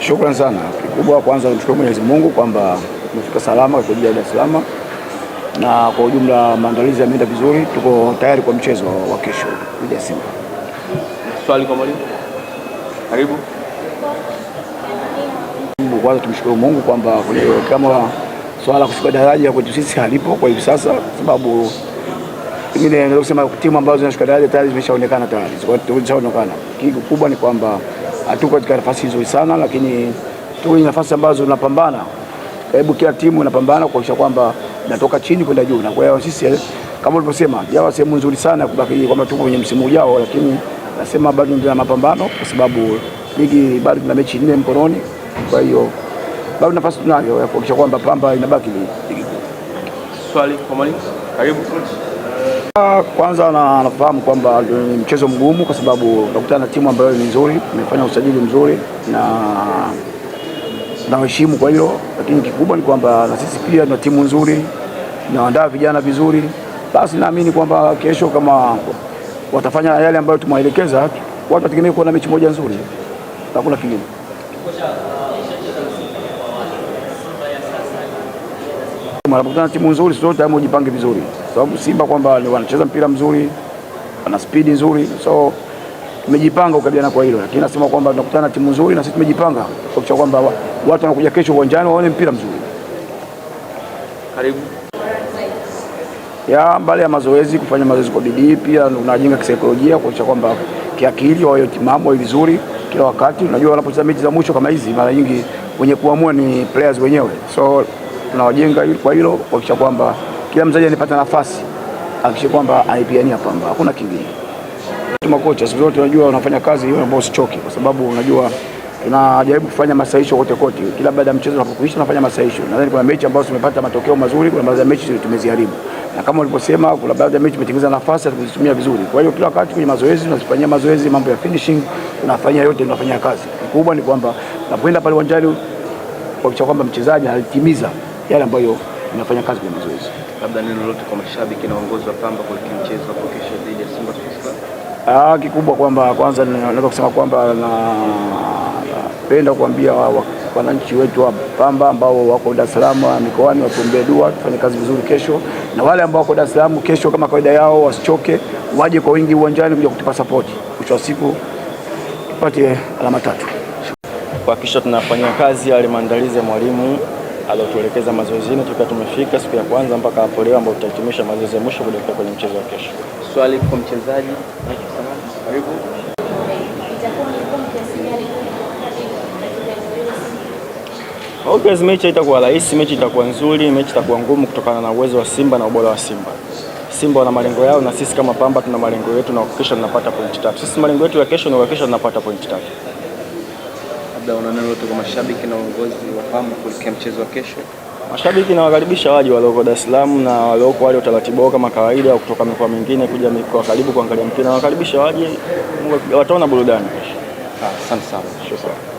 Shukrani sana. Kikubwa kwanza tumshukuru Mwenyezi Mungu kwamba tumefika salama kwa jiji la Dar es Salaam, na kwa ujumla maandalizi yameenda vizuri. Tuko tayari kwa mchezo wa kesho dhidi ya Simba. Swali kwa mwalimu. Karibu. Kwanza tumshukuru Mungu kwamba kama swala kufika daraja kwetu sisi halipo kwa hivi sasa, sababu pengine naweza kusema timu ambazo zinashuka daraja tayari zimeshaonekana tayari zimeshaonekana. Kikubwa ni kwamba hatuko katika nafasi nzuri sana, lakini tuko kwenye nafasi ambazo tunapambana. Karibu kila timu inapambana kuhakikisha kwamba natoka chini kwenda juu, na kwa hiyo sisi kama ulivyosema, jawa sehemu nzuri sana ya kubaki kwamba tuko kwenye msimu ujao, lakini nasema bado ndio na mapambano, kwa sababu ligi bado tuna mechi nne mkononi. Kwa hiyo bado nafasi tunayo ya kuhakikisha kwamba Pamba inabaki ligi. Swali kwa mwalimu, karibu. Kwanza na nafahamu kwamba ni mchezo mgumu, kwa sababu utakutana na timu ambayo ni nzuri, imefanya usajili mzuri na nawaheshimu kwa hilo, lakini kikubwa ni kwamba na sisi pia tuna timu nzuri, tunaandaa vijana vizuri. Basi naamini kwamba kesho kama watafanya yale ambayo tumewaelekeza, watu wategemee kuwa na mechi moja nzuri, hakuna kingine. wanapokutana timu nzuri siku zote lazima ujipange vizuri, sababu Simba kwamba wanacheza mpira mzuri, wana spidi nzuri, so tumejipanga kukabiliana kwa hilo, lakini nasema kwamba tunakutana na timu nzuri na sisi tumejipanga kwa kwamba watu wanakuja kesho uwanjani waone mpira mzuri. Karibu ya mbali ya mazoezi, kufanya mazoezi kwa bidii, pia unajenga kisaikolojia kuhakikisha kwamba kiakili wao timamu, wao vizuri kila wakati. Unajua, wanapocheza mechi za mwisho kama hizi, mara nyingi wenye kuamua ni players wenyewe so tunawajenga kwa hilo, kuhakikisha kwamba kila mzaji anapata nafasi, hakikisha kwamba anaipigania Pamba, hakuna kingine. kocha siku zote unajua unafanya kazi hiyo ambayo usichoke, kwa sababu unajua tunajaribu kufanya masaisho kote kote, kila baada ya mchezo unapokuisha unafanya masaisho. Nadhani kuna mechi ambazo tumepata matokeo mazuri, kuna baadhi ya mechi tumeziharibu, na kama ulivyosema, kuna baadhi ya mechi tumetengeneza nafasi tukuzitumia vizuri. Kwa hiyo kila wakati kwenye mazoezi tunazifanyia mazoezi, mambo ya finishing tunafanyia yote, tunafanyia kazi. kubwa. ni kwamba napoenda pale uwanjani kuhakikisha kwamba mchezaji anatimiza yale ambayo inafanya kazi kwenye mazoezi. Labda neno lolote kwa mashabiki na uongozi wa Pamba kuelekea mchezo wa kesho dhidi ya Simba Sports Club? Ah, kikubwa kwamba kwanza naweza kusema kwamba napenda kuambia wananchi wetu wa Pamba ambao wako Dar es Salaam mikoani, watuombee dua tufanye kazi vizuri kesho, na wale ambao wako Dar es Salaam kesho, kama kawaida yao, wasichoke, waje kwa wingi uwanjani kuja kutupa support. Mwisho wa siku tupate alama tatu, kwa tunafanya tunafanyia kazi yale maandalizi ya mwalimu aliotuelekeza mazoezini tukiwa tumefika siku ya kwanza mpaka hapo leo, ambao tutahitimisha mazoezi ya mwisho kuelekea kwenye mchezo wa kesho. Swali kwa mchezaji, karibu. Obviously, mechi itakuwa rahisi, mechi itakuwa nzuri, mechi itakuwa ngumu kutokana na uwezo wa Simba na ubora wa Simba. Simba wana malengo yao na sisi kama Pamba tuna malengo yetu na kuhakikisha tunapata pointi tatu. Sisi malengo yetu ya kesho ni kuhakikisha tunapata pointi tatu labda una neno lolote kwa mashabiki na uongozi Pamu kuelekea mchezo wa kesho? Mashabiki nawakaribisha waje walioko Dar es Salaam na walioko wale utaratibu wao kama kawaida kutoka mikoa mingine kuja mikoa karibu kuangalia mpira, nawakaribisha waje, wataona burudani kesho. Ah, asante sana.